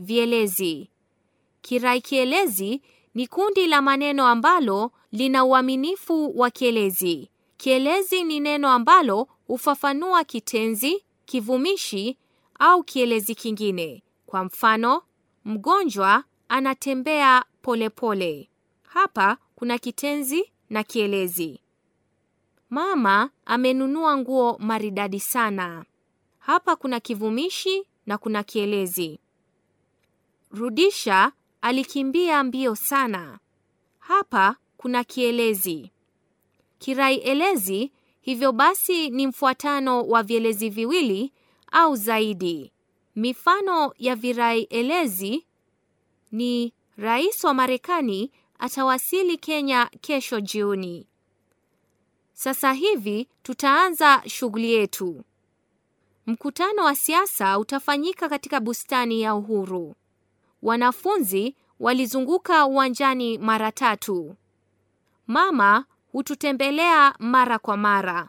Vielezi. Kirai kielezi ni kundi la maneno ambalo lina uaminifu wa kielezi. Kielezi ni neno ambalo hufafanua kitenzi, kivumishi au kielezi kingine. Kwa mfano, mgonjwa anatembea polepole pole. Hapa kuna kitenzi na kielezi. Mama amenunua nguo maridadi sana. Hapa kuna kivumishi na kuna kielezi. Rudisha alikimbia mbio sana. Hapa kuna kielezi. Kirai elezi hivyo basi ni mfuatano wa vielezi viwili au zaidi. Mifano ya virai elezi ni rais wa Marekani atawasili Kenya kesho jioni. Sasa hivi tutaanza shughuli yetu. Mkutano wa siasa utafanyika katika bustani ya Uhuru. Wanafunzi walizunguka uwanjani mara tatu. Mama hututembelea mara kwa mara.